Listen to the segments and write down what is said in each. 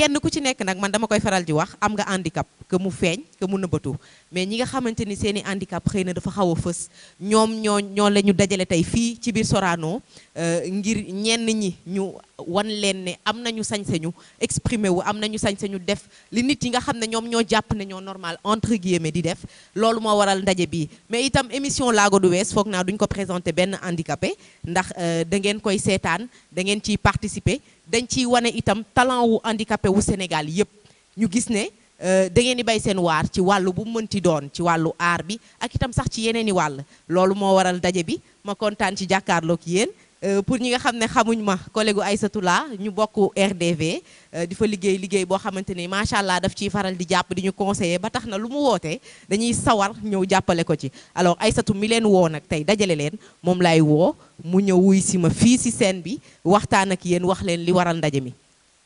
kenn ku ci nekk nag man dama koy faral di wax am nga handicap que mu feeñ que mu nëbbatu mais ñi nga xamante ni seen i handicap xëy na dafa xaw a fës ñoom ñoo ñoo la ñu dajale tey fii ci biir soraanoo euh, ngir ñenn ñi ñu wan leen ne am nañu sañ-sañu exprimer wu am nañu sañ-sañu def li nit yi nga xam ne ñoom ñoo jàpp ne ñoo normal entre guillemets di def loolu moo waral ndaje bi mais itam émission laago du wees foog naa duñ ko présenter benn handicapé ndax euh, da ngeen koy seetaan da ngeen ciy participer dañ ciy wane itam talent wu handicapé wu Sénégal yëpp ñu gis ne euh, da ngeen di bay seen waar ci wàllu bu mënti doon ci wàllu aar bi ak itam sax ci yeneen i wàll loolu moo waral daje bi ma kontaan ci jàkkaarloog yéen Euh, pour ñi nga xam ne xamuñ ma collègue Aïssatou la ñu bokk RDV euh, di fa liggéey liggéey boo xamante ni macha allah daf ciy faral di jàpp di ñu conseiller ba tax na lu mu wootee dañuy sawar ñëw jàppale ko ci alors Aïssatou mi leen woo nag tey dajale leen moom laay woo mu ñëw wuy si ma fii si seen bi waxtaan ak yéen wax leen li waral ndaje mi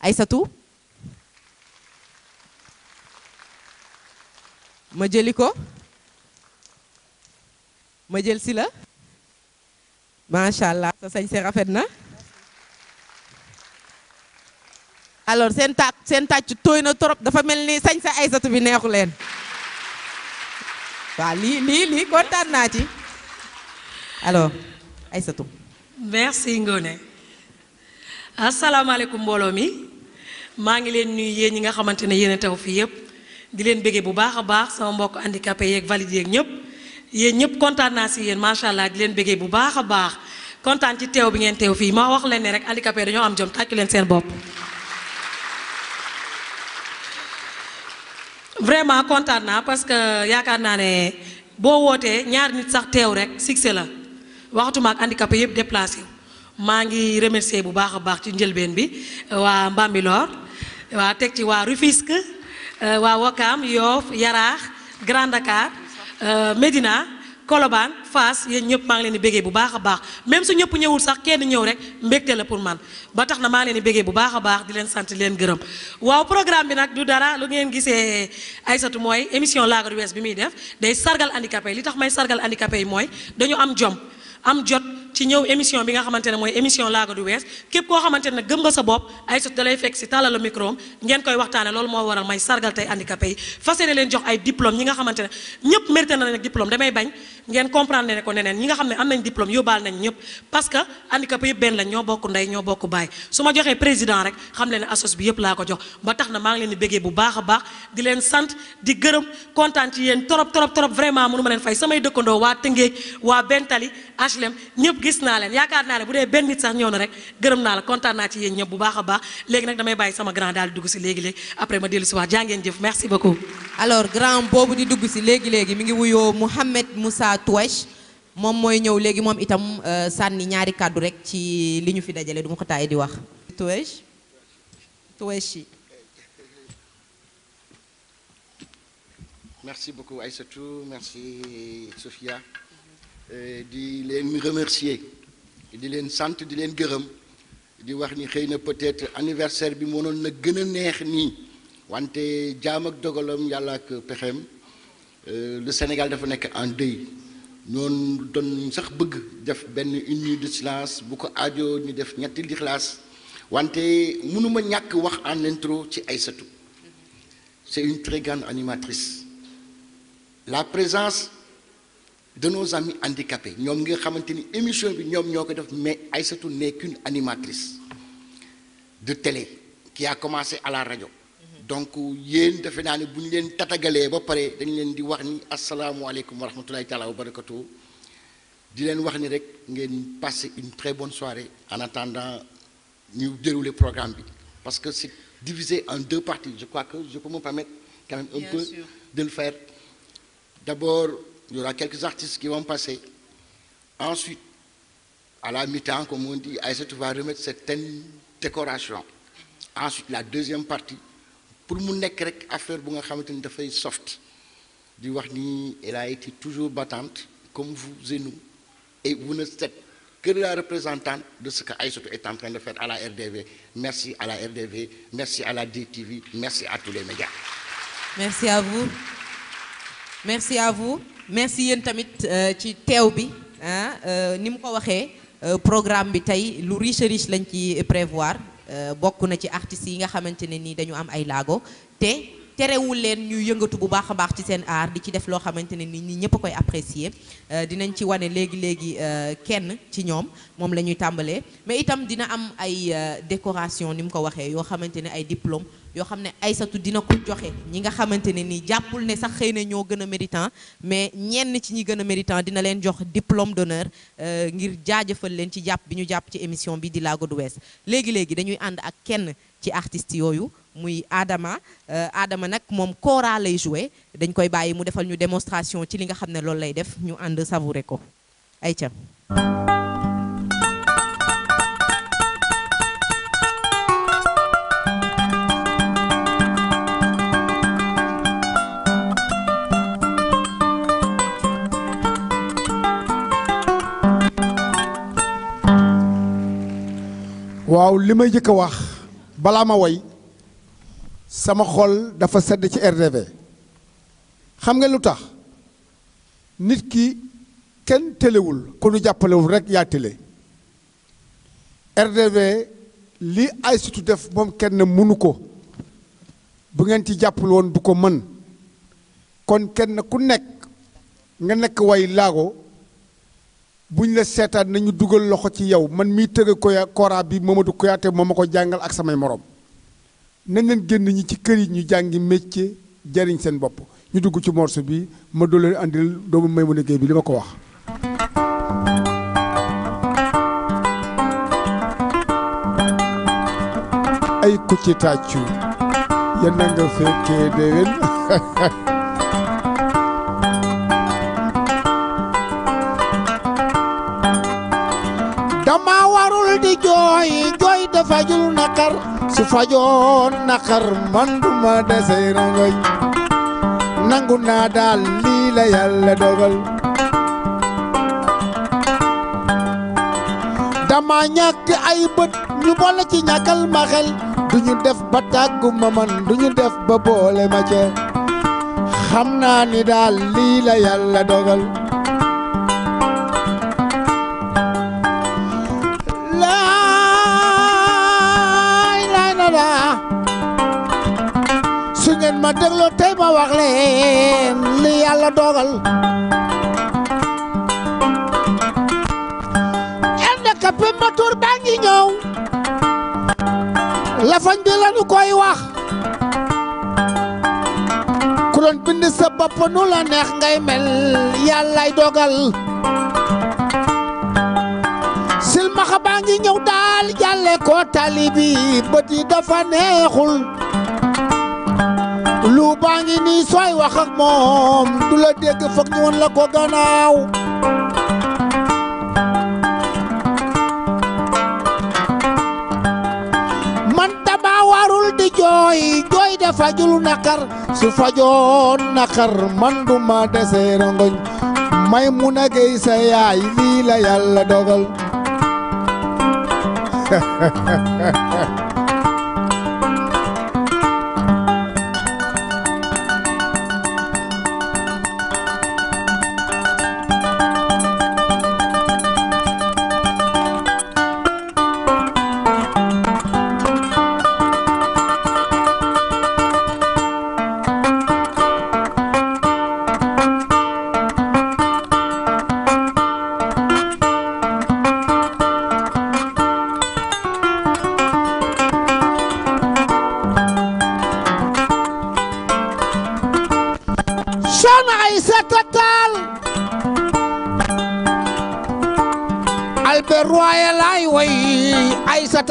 Aïssatou ma jëli ko ma jël si la macha allah sa sañse rafet na. alors seen tàcc seen tàcc tooy na trop dafa mel ni sañse Aysatu bi neexu leen. waaw lii lii lii kontaan naa ci alors Aysatu. merci Ngoné asalaamaaleykum mbooloo mi maa ngi leen nuyu yéen ñi nga xamante ne yéen a taw fii yëpp di leen bëggee bu baax a baax sama mbokk handicapé yeeg valide yeeg ñëpp. yéen ñëpp kontaan naa si yéen macha allah di leen bëggee bu baax a baax kontaan ci teew bi ngeen teew fii ma wax leen ne rek handicapé dañoo am jom tàccu leen seen bopp. vraiment kontaan naa parce que yaakaar naa ne boo wootee ñaar nit sax teew rek succès la waxtuma ak handicapé yëpp déplacé maa ngi remercier bu baax a baax ci njëlbeen bi waa Mbambilor waa teg ci waa Rufisque waa Wakaam Yoff Yaraax Grand Dakar. Euh, Médina Colobane Fass yéen ñëpp maa ngi leen di béggee bu baax a baax même su ñëpp ñëwul sax kenn ñëw rek mbégte la pour man ba tax na maa ngi leen di bu baax a baax di leen sant di leen gërëm waaw programme bi nag du dara lu ngeen gisee Aïssatou mooy émission laaga du Wees bi muy def day sargal handicapé yi li tax may sargal handicapé yi mooy dañu am jom am jot ci ñëw émission bi nga xamante ne mooy émission laago du wees képp koo xamante ne gëm nga sa bopp ay sot dalay fekk si tàllal micro ngeen koy waxtaane loolu moo waral may sargal tey handicapé yi fas yéene leen jox ay diplôme ñi nga xamante ne ñëpp mérité na nag diplôme damay bañ ngeen comprendre ne ko neneen ñi nga xam ne am nañ diplôme yóbbaal nañ ñëpp parce que handicapé yëpp benn lañ ñoo bokk ndey ñoo bokk baay su ma joxee président rek xam leen ne assos bi yëpp laa ko jox ba tax na leen sant di gërëm kontaan ci yéen torop torop torop vraiment mënu ma leen fay samay dëkkandoo waa Tëngéej waa Bentali HLM ñëpp gis na len yakar na ne budé ben nit sax ñëw rek gërem na la kontaan na ci yeen ñëpp bu baaxa baax léegi damay bàyyi sama grand dal dugg ci légui léegi après ma délu ci wax jaa jëf merci beaucoup alors grand Bobu di dugg ci légui légui mi ngi wuyo mohammed Moussa Touech mom moy ñëw légui mom itam euh, sanni ñaari cadeau rek ci liñu fi dajalé du ko taay di wax Touech Touech Merci beaucoup Aïssatou, merci Sophia. Euh, di leen remercier di leen sant di leen gërëm di wax ni xëy na peut-être anniversaire bi mënoon na gën a neex nii wante jaam ak dogalam yàlla ak pexeem euh, le Sénégal dafa nekk en deuil non doon sax bëgg def benn une minute de silence bu ko aajo ñu def ñetti lixlaas wante mënuma ñàkk wax en intro ci Aïssatou c'est une très grande animatrice la présence de nos amis handicapés Nous nga xamante une émission bi mais Aïssatou n'est qu'une animatrice de télé qui a commencé à la radio. Mhm. donc yeen defe naa ne bu tatagalé, ba paré dañ len di wax ni asalaamualeykum wa rahmatulahi taala wa barakatu di len wax ni rek ngeen passer une très bonne soirée en attendant ñu dérouler programme bi parce que c'est divisé en deux parties je crois que je peux me permettre quand même un peu de le faire d'abord il y aura quelques artistes qui vont passer. Ensuite, à la mi-temps, comme on dit, Aïssatou va remettre certaines décorations. Ensuite, la deuxième partie, pour mon rek affaire bu nga une soft Du wax elle a été toujours battante comme vous et nous et vous ne êtes que la représentante de ce que Aïssatou est en train de faire à la RDV. Merci à la RDV, merci à la DTV, merci à tous les médias. Merci à vous merci à vous merci yéen tamit euh, ci teew bi hein, euh, ni mu waxé euh, programme bi tay lu riche riche lañ ci prévoir bokk na ci artistes yi nga xamante ne dañu am ay lago té terewul leen ñu yëngatu bu baax baax ci seen art di ci def lo xamante ne ñi ñëpp koy apprécier euh, dinañ ci wane légui léegi euh, kenn ci ñom mom lañuy tambalé mais itam dina am ay euh, décoration nim ko waxé yo xamante ay diplôme yo xam ne dina ko joxé ñi nga xamante ne nii jàppul sax xeyna ño gëna méritant mais ñenn ci ñi gëna méritant dina leen jox diplôme d'honneur ngir jaajëfal leen ci japp biñu japp ci émission bi di Laago du Wees légui léegi dañuy and ak kenn ci artiste yoyu muy aadama aadama euh, nag moom kora lay joué dañ koy bàyyi mu defal ñu démonstration ci li nga xam ne loolu lay def ñu ànd savouré ko ay waaw li may jëkk a wax balaa ma woy sama xol dafa sedd ci RDV xam nga lu tax nit ki kenn téléwul ku nu jàppalewul rek yaa télé RDV li ay sutu def moom kenn mënu ko bu ngeen ci jàppal woon du ko mën kon kenn ku nekk nga nekk way laago ñu la seetaan nañu dugal loxo ci yow man mii tëgg koya kora bi Mamadou Kouyaté moo a ko jàngal ak samay moroom nañ leen génn ñi ci kër yi ñu jàngi métier jariñ seen bopp ñu dugg ci morceau bi ma doo leen doo may mu liggéey bi li ma ko wax ay ku ci tàccu yan na nga fekkee déwén dama warul di jooy ca fajul naqar su fajoon naqar man du ma dese nangu naa daal lii yàlla dogal dama ñàkk ay bët ñu boole ci ñàkkal ma xel duñu def ba tàggu man duñu def ba boole ma ce xam naa ni daal lii yàlla dogal a dogal ànd ka pim baa ngi ñëw lafañ bi lañu koy wax ku doon sa bopp la neex ngay mel yàllaay dogal silmaxa baa ngi ñëw daal jàlle ko tali bi bët dafa neexul lu baa ngi nii sooy moom du la dégg foog ñu la ko gannaaw man dama warul di jooy jooy dafa jul naqar su fajoon naqar man du ma dese rongoñ may mun a sa yaay lii la yàlla dogal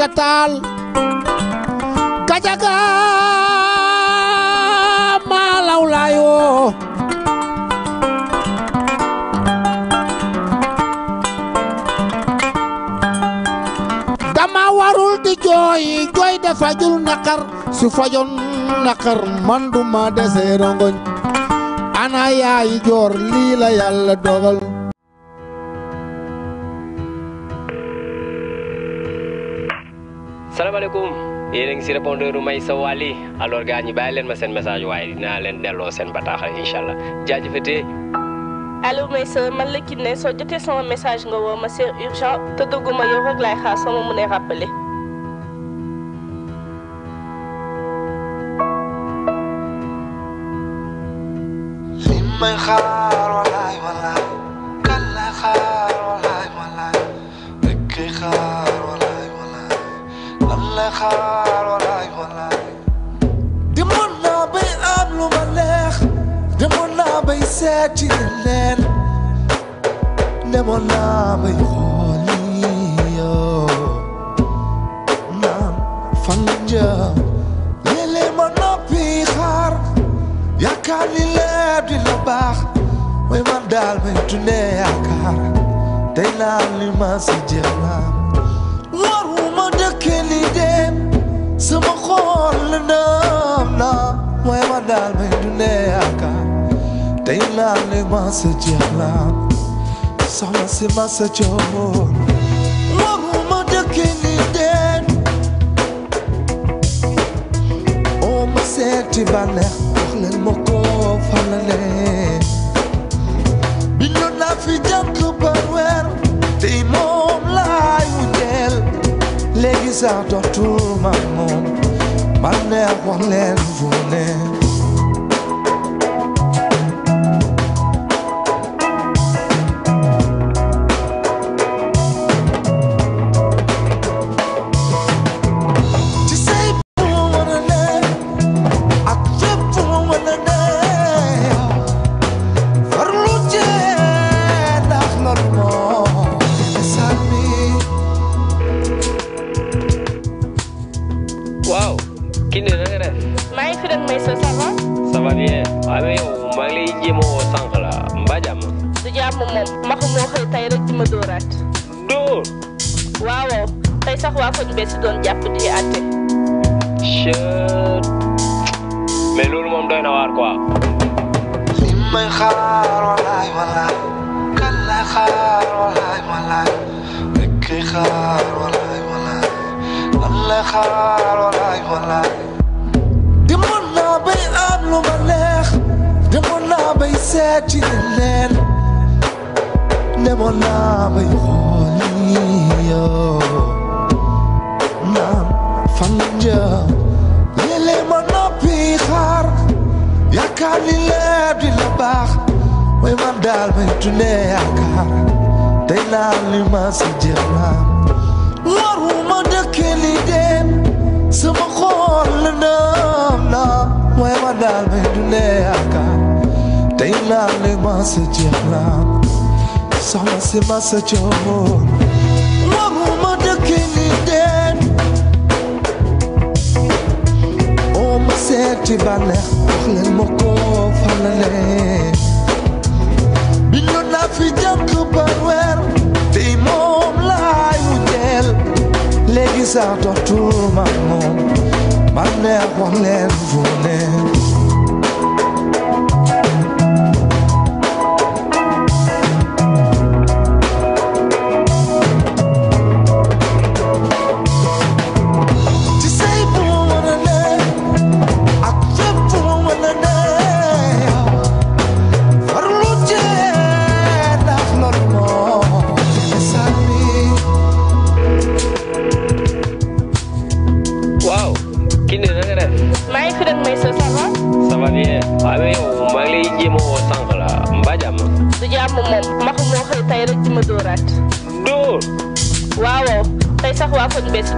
ka taal maa law laayoo warul di jooy jooy dafa jul naqar su fajoon naqar man duma dese rongoñ ana yaay joor lii la dogal yéen a ngi si répondeur may sa wàlli alors gars ñi bàyyi leen ma seen message waaye dina leen delloo seen bataaxal incha allah jaajëfatee. allo Maysa man la Kiné soo jotee soo message nga woo ma c'est urgent te dëgguma yow rek laay xaar sama mënee rappeler. seeti leen ne ma naa may xooli yoo fan la jëm léeg-léeg noppi xaar yaakaar ni lépp dina baax mooy man daal may dundee yaakaar tey laal li ma si jéem laam waruma dëkkee li dem sama xool naam naam mooy daal may dundee yaakaar Leyla'ni masajahlan Sonrası masajahlan Ruhuma dökeninden O maserti bana Ahlen moko falale Bilyon la fi jankı barwer Tey moom laay wujel Léegi sax dootul man moom Man ne wax leen fu ne seçilenler Ne molamı oluyor Nam fanca Lele mana pihar Yakaliler dile bak we mandal ve tüne yakar Teynali masa cevap Waruma da kelidem Sama na na, we mandal ve tüne yakar tey laa le masa jeexlaat soxna si masa coon waruma dëkke ni deen oo seeti bànneex wax leen ma ko falale bi ñu naa fi jànk par weer tey moom laayu jeel léegi saa toxtuma moom bànneex wax leen fu ne ak bés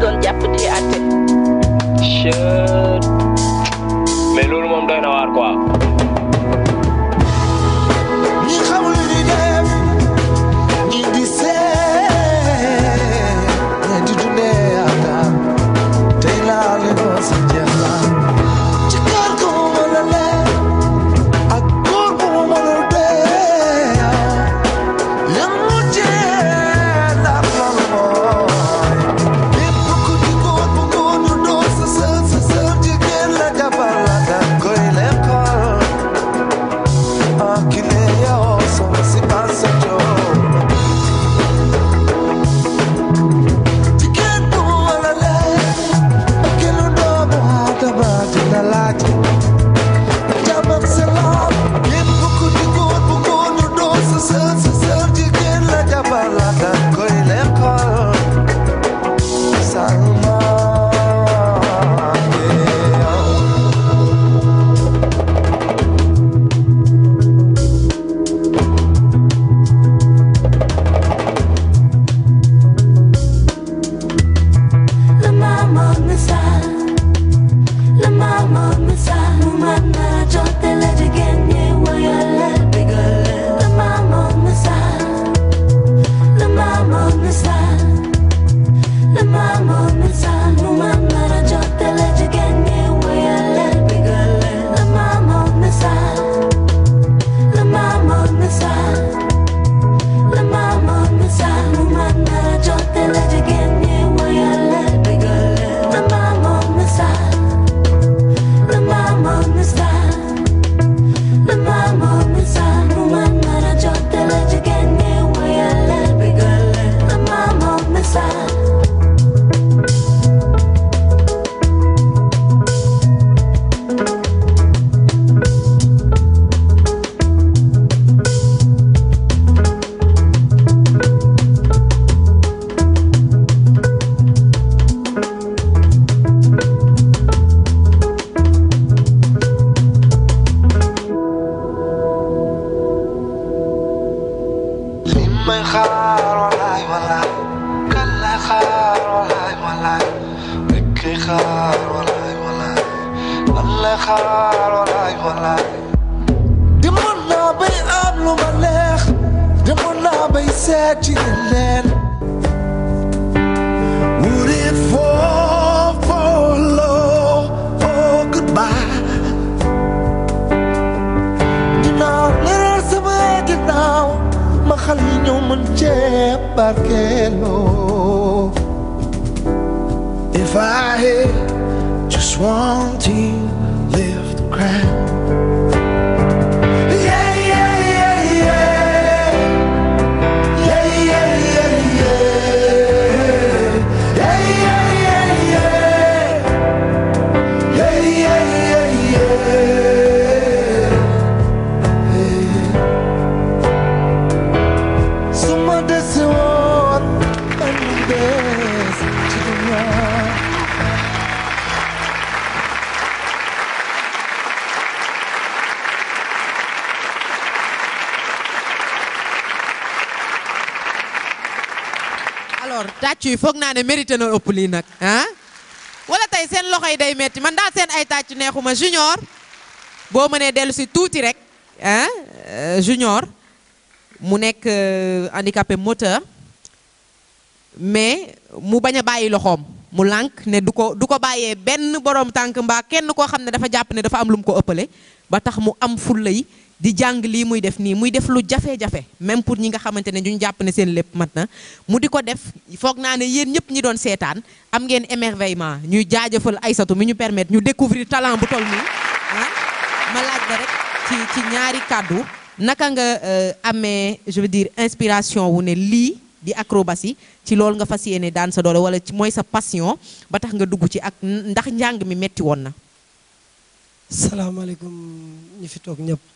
Jeff Barquero. If I had just one tear left to cry. tàccu foog naa ne mérité na ëpp lii nag ah wala tey seen loxo yi day metti man daal seen ay tàccu neexuma junior boo mënee dellu si tuuti rek ah mu nekk euh, handicapé moteur mais mu bañ a bàyyi loxoom mu lànk ne du ko du ko bàyyee benn boroom tànk mbaa kenn koo xam ne dafa jàpp ne dafa am lu mu ko ëppale ba tax mu am fulla yi di jàng lii muy def nii muy def lu jafe-jafe même pour ñi nga xamante ne ñu jàpp ne seen lépp mat na mu di ko def foog naa ne yéen ñëpp ñi doon seetaan am ngeen émerveillement ñuy jaajëfal Aysatu mi ñu permettre ñu découvrir talent bu toll nii ah. ma laaj la rek ci ñaari kàddu naka nga euh, amee je veux dire inspiration wu ne lii di acrobatie ci loolu nga fas yéene daan sa doole wala ci mooy sa passion ba tax nga dugg ci ak ndax njàng mi metti woon na. salaamaaleykum ñi fi toog ñëpp.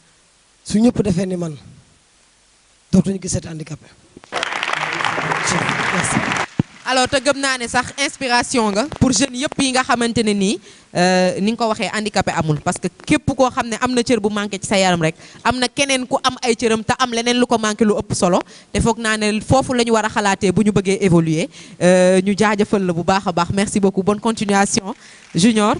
su ñëpp défé ni man dootuñu gisati handicapé. alors te gëm na né sax inspiration nga pour jeune yëpp yi nga xamante ni euh ni nga ko waxee handicapé amul parce que képp ko xamné amna am cër bu manké ci sa yaram rek amna kenen ku am ay cëram ta am lenen lu ko manké lu ëpp solo te fokk na né fofu lañu wara xalaté bu ñu bëggé évoluer euh ñu jaajëfal la bu baaxa baax merci beaucoup bonne continuation Junior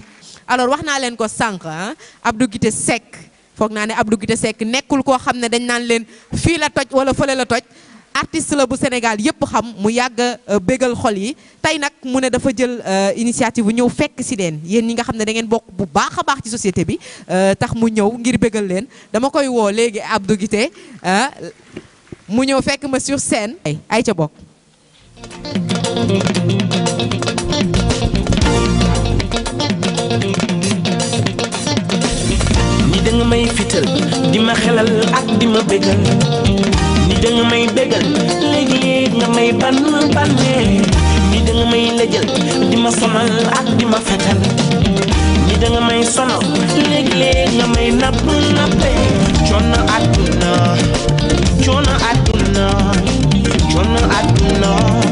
alors wax na leen ko sànq hein Abdou Guité sec foog naa Abdou Guité sek nekul ko xamne dañ nan len fi la toj wala fele la toj artiste la bu senegal yep xam mu yag euh, beegal xol yi tay nak mu ne dafa jël euh, initiative ñew fekk si den yeen ñi nga xamne da ngeen bok bu baaxa baax ci société bi euh, tax mu ñew ngir beegal len dama koy wo legi Abdou Guité mu ñew fekk ma sur scène ay ca you. may fital di ma xelal ma bégal ni da nga may bégal da di ma sonal ak di ma fetal ni da may sonal léeg-léeg nga may napp nappee coono àdduna coono àdduna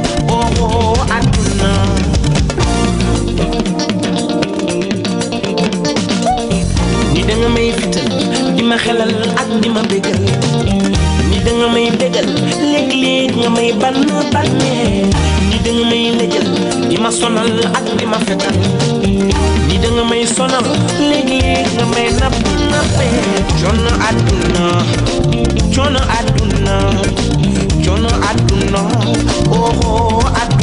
di ma bégal ni danga may bégal léeg nga may bann bannee ni danga may lëjal di ma sonal ak di ma fetal ni danga may sonal léeg nga may napp nappee coono àdduna coono àdduna coono àdduna oo àdduna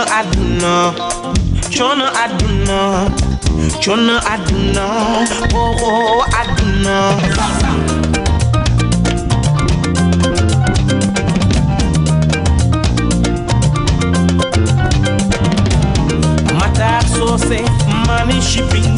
Chona Aduna, Chona Aduna, Chona Aduna, oh oh Aduna. Mata so say, money shipping.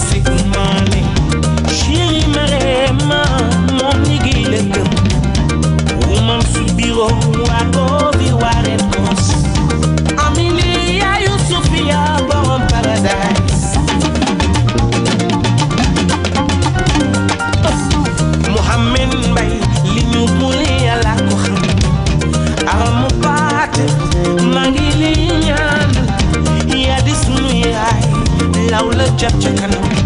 you can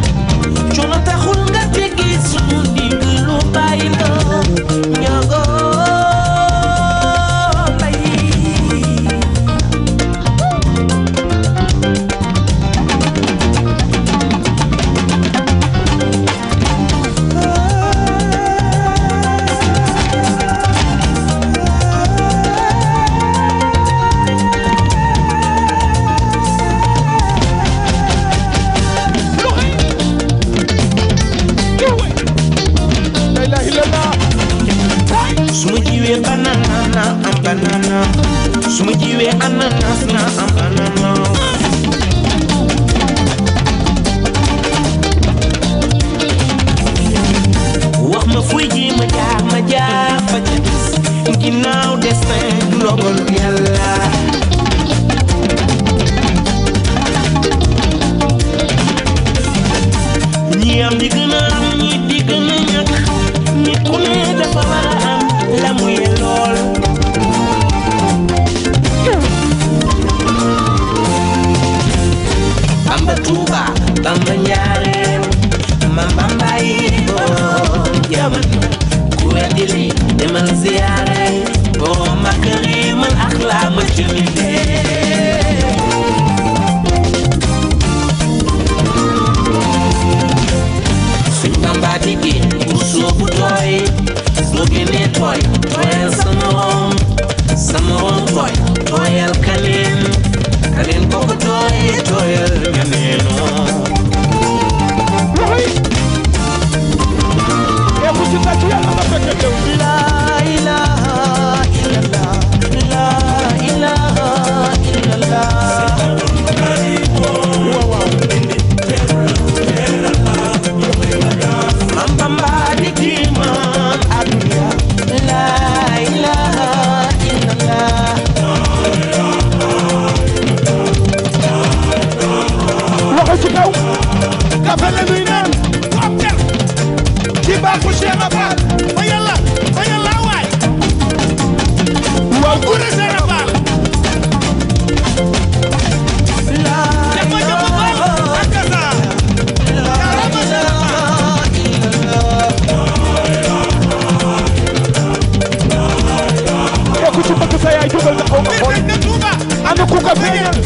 Look up, nigga.